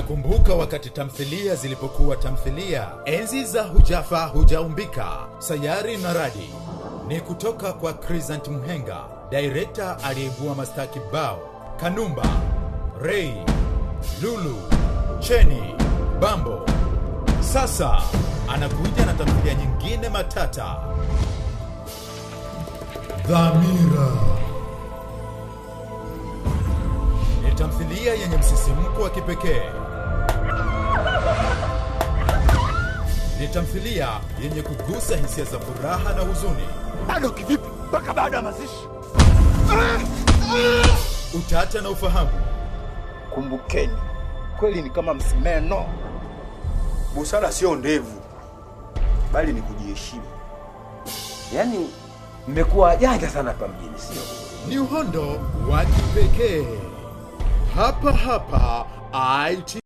Nakumbuka wakati tamthilia zilipokuwa tamthilia, enzi za hujafa hujaumbika, sayari na radi. Ni kutoka kwa Crescent Mhenga, director aliyeibua mastaki bao Kanumba, Ray, Lulu, Cheni, Bambo. Sasa anakuja na tamthilia nyingine matata, Dhamira. tamthilia yenye msisimko wa kipekee tamthilia yenye kugusa hisia za furaha na huzuni. Bado kivipi? Mpaka baada ya mazishi. Utata na ufahamu. Kumbukeni, kweli ni kama msimeno Busara sio ndevu, bali ni kujiheshimu. Yaani mmekuwa janja sana hapa mjini, sio? Ni uhondo wa kipekee hapa hapa ITV.